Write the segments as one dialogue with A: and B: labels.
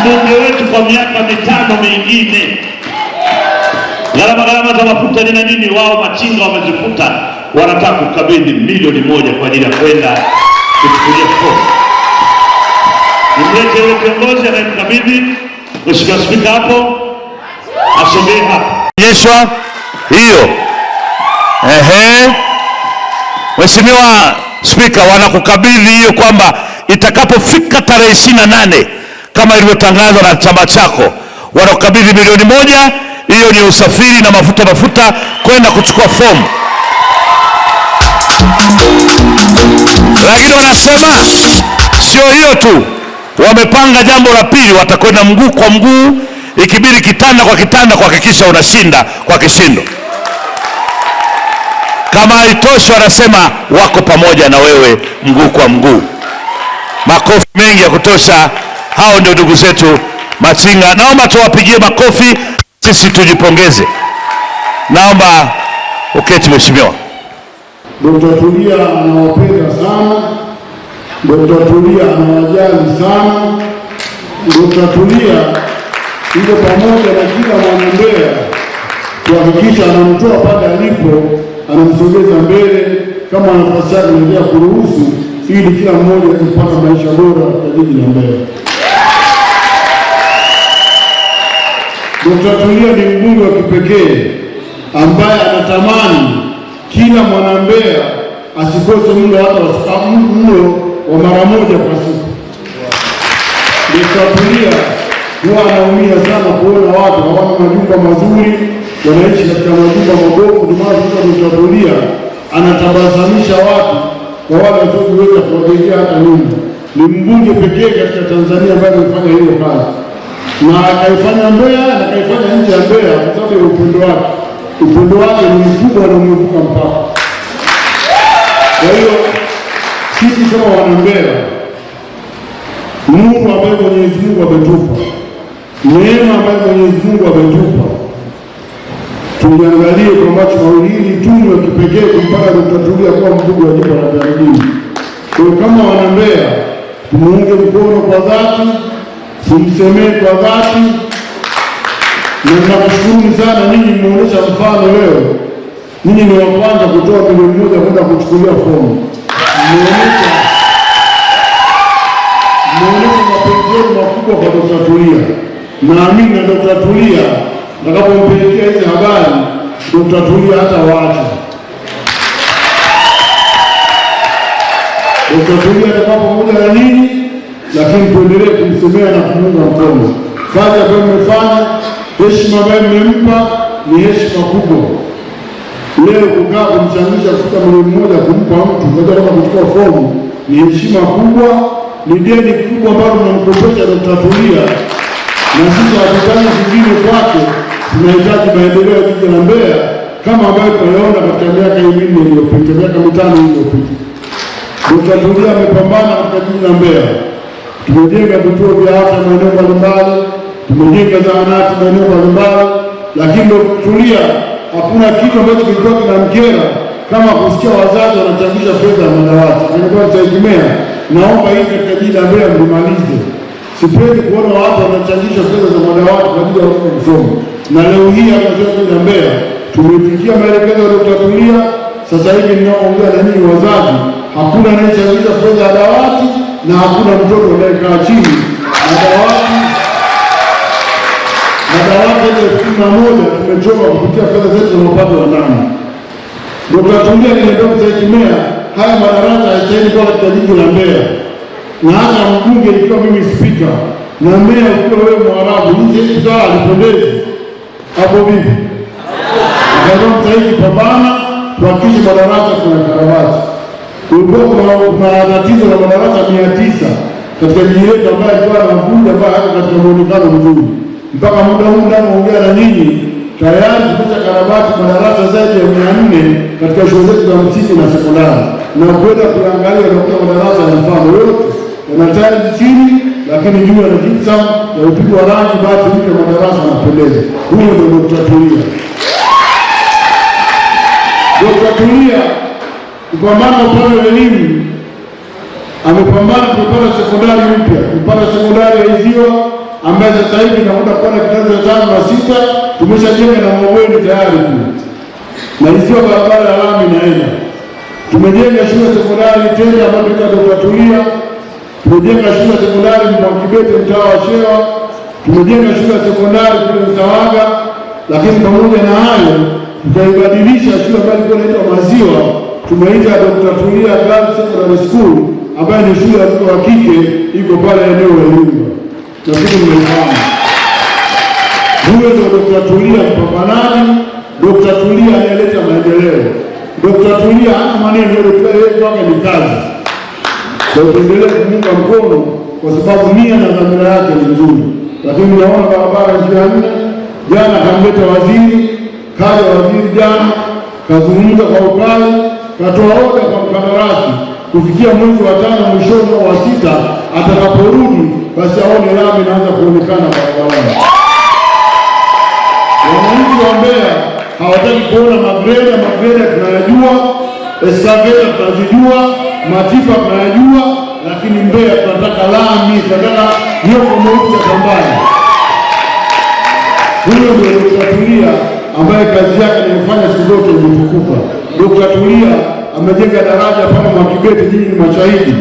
A: mbunge wetu kwa miaka mitano mingine. Gharama gharama za mafuta nina nini, wao machinga wamezifuta, wanataka kukabidhi milioni moja kwa ajili ya kwenda kuchukulia fomu. Nimlete yule kiongozi anayemkabidhi. Mheshimiwa Spika, hapo asogee hapo,
B: onyeshwa hiyo. Ehe, Mheshimiwa Spika, wanakukabidhi hiyo kwamba itakapofika tarehe ishirini na nane kama ilivyotangazwa na chama chako, wanakabidhi milioni moja. Hiyo ni usafiri na mafuta mafuta kwenda kuchukua fomu, lakini wanasema sio hiyo tu, wamepanga jambo la pili, watakwenda mguu kwa mguu, ikibidi kitanda kwa kitanda, kuhakikisha unashinda kwa kishindo. Kama haitoshi, wanasema wako pamoja na wewe mguu kwa mguu. Makofi mengi ya kutosha. Hao ndio ndugu zetu Machinga. Naomba tuwapigie makofi, sisi tujipongeze. Naomba uketi, mheshimiwa.
C: Dkt. Tulia anawapenda sana, Dkt. Tulia anawajali sana, Dkt. Tulia yuko pamoja na kila mwanambeya kuhakikisha anamtoa pale alipo, anamsogeza mbele kama nafasi yake inaendelea kuruhusu, ili kila mmoja kupata maisha bora katika jiji la Mbeya. Dkt. Tulia ni mbunge wa kipekee ambaye anatamani kila mwanambea asikose mlo hata mlo wa mara moja kwa siku. Dkt. Tulia huwa anaumia sana kuona watu hawana majumba mazuri, wanaishi katika majumba mabovu. Ndio maana Dkt. Tulia anatabasamisha watu kwa wale wasiojiweza kuwajengea hata nyumba. Ni mbunge pekee katika Tanzania ambaye amefanya hiyo kazi na akaifanya Mbeya na akaifanya nje ya Mbeya kwa sababu ya upendo wake. Upendo wake ni mkubwa na umevuka mpaka. Kwa hiyo sisi kama wana Mbeya, Mungu ambaye Mwenyezi Mungu ametupa neema ambayo Mwenyezi Mungu ametupa, tuliangalie kwa macho mawili tunu ya kipekee kumpaka Dkt. Tulia kuwa mbunge wa jimbo la Mbeya mjini. Kwa hiyo kama wana Mbeya tumuunge mkono kwa dhati tumsemee kwa dhati, na tunakushukuruni sana. Ninyi mmeonyesha mfano leo, ninyi ni wa kwanza kutoa milioni moja kwenda kuchukulia fomu, mmeonyesha mmeonyesha mapenzi yenu makubwa kwa Dokta Tulia. Naamini na Dokta Tulia nitakapompelekea hizi habari, Dokta Tulia hata waacha Dokta Tulia atakapokuja na nini, lakini tuendelee kumtumikia na kumunga mkono. Kazi ambayo mmefanya, heshima ambayo mmempa ni heshima kubwa. Leo kukaa kumchangisha kufika milioni moja kumpa mtu kama kuchukua fomu ni heshima kubwa, ni deni kubwa ambayo tunamkopesha na tutatulia, na sisi hatukai vingine kwake. Tunahitaji maendeleo ya jiji la Mbeya kama ambayo tunayoona katika miaka minne iliyopita, miaka mitano iliyopita. Dkt. Tulia amepambana katika jiji la Mbeya. Tumejenga vituo vya afya maeneo mbalimbali, tumejenga zahanati maeneo mbalimbali, lakini ndio kutulia. Hakuna kitu ambacho kilikuwa kinamkera kama kusikia wazazi wanachangisha fedha ya madawati. Nilikuwa nitaegemea, naomba hii katika jiji la Mbeya mlimalize. Sipendi kuona watu wanachangisha fedha za madawati kwa ajili ya watoto kusoma, na leo hii hapa jiji la Mbeya tumeitikia maelekezo ya Tulia. Sasa hivi ninaoongea na nyinyi wazazi, hakuna anayechangisha fedha ya dawati na hakuna mtoto anayekaa chini na dawati na dawati elfu kumi na moja tumechoka kupitia fedha zetu za mapato ya ndani, ndio tunatumia Kimea, haya madarasa yastahili kuwa katika jiji la Mbeya, na hata mbunge ikiwa mimi spika na Mbeya ukiwa wewe Mwarabu, hizisaa alipendezi hapo vipi? Akadoktahiki pambana tuhakikishe madarasa kuna karabati kulikuwa kuna matatizo la madarasa mia tisa katika jiji letu ambayo alikuwa anavuja ambayo hata katika muonekano mzuri. Mpaka muda huu ninapoongea na nyinyi, tayari kuja karabati madarasa zaidi ya mia nne katika shule zetu za msingi na sekondari, na kwenda kuangalia unakuta madarasa ya mfano yote yana tiles chini, lakini juu yana gypsum ya upigwa rangi, basi mtu madarasa yanapendeza. Huyo ndio Dkt. Tulia, Dkt. Tulia kupambana upande wa elimu, amepambana kupata sekondari mpya, kupata sekondari ya Iziwa ambaye sasa hivi inakwenda kuwa na kidato cha tano na sita, tumeshajenga na mabweni tayari tu na Iziwa barabara ya lami inaenda. Tumejenga shule sekondari tena ambayo tunaita tumejenga shule sekondari Mwakibete mtaa wa Shewa, tumejenga shule sekondari kule Msawaga, lakini pamoja na hayo tutaibadilisha shule ambayo ilikuwa inaitwa Maziwa tumeita Dr. Tulia Girls Secondary School ambayo ni shule ya mtoto wa kike iko pale eneo la Iringa, lakini mmefahamu huyo ndio Dr. Tulia mpambanaji, Dr. Tulia anayeleta maendeleo, Dr. Tulia ana maneno, kwake ni kazi. Tuendelee kumunga mkono kwa sababu nia na dhamira yake ni nzuri, lakini naona barabara njia nne, jana kamleta waziri, kaja waziri jana kazungumza kwa upande Natoa oda kwa mkandarasi kufikia mwezi wa tano mwishoni wa sita atakaporudi, basi aone lami inaanza kuonekana barabarani. Wananchi wa Mbeya hawataki kuona magreda. Magreda tunayajua, eskaveta tunazijua, matipa tunayajua, lakini Mbeya tunataka lami, tunataka nyoko mweusi shambani. Huyo ndio utatulia ambaye kazi yake nimefanya siku zote umetukuka Dokta Tulia amejenga daraja pale Mwakibete, nyinyi ni mashahidi,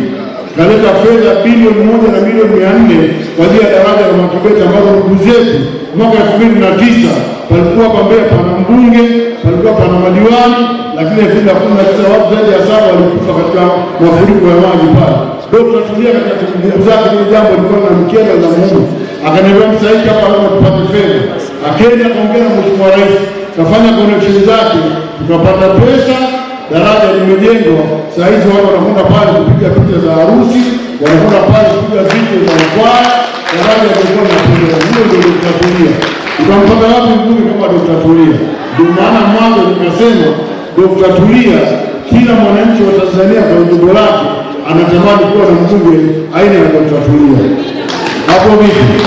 C: kaleta fedha bilioni moja na milioni mia nne kwa ajili ya daraja la Mwakibete ambazo ndugu zetu mwaka elfu mbili na tisa palikuwa pambea pana mbunge, palikuwa pana madiwani, lakini elfu mbili na kumi na tisa watu zaidi ya saba walikufa katika mafuriko ya maji pale. Dokta Tulia katika kumbukumbu zake lile jambo lilikuwa na mkenda na Mungu, akaniambia msaiki hapa lazima tupate fedha. Akaenda akaongea na mheshimiwa rais kafanya connection zake, tukapata pesa, daraja limejengwa. Saa hizi watu wanakwenda pale kupiga picha za harusi, wanakwenda pale kupiga vicho za ukwaya, daraja limekuwa linapendeza. Hiyo ndio Dokta Utampata wapi ngumi kama Dokta Tulia? Ndio maana mwanzo nikasema Dokta Tulia, kila mwananchi wa Tanzania kwa jimbo lake anatamani kuwa na mbunge aina ya Dokta Tulia. Hapo vipi?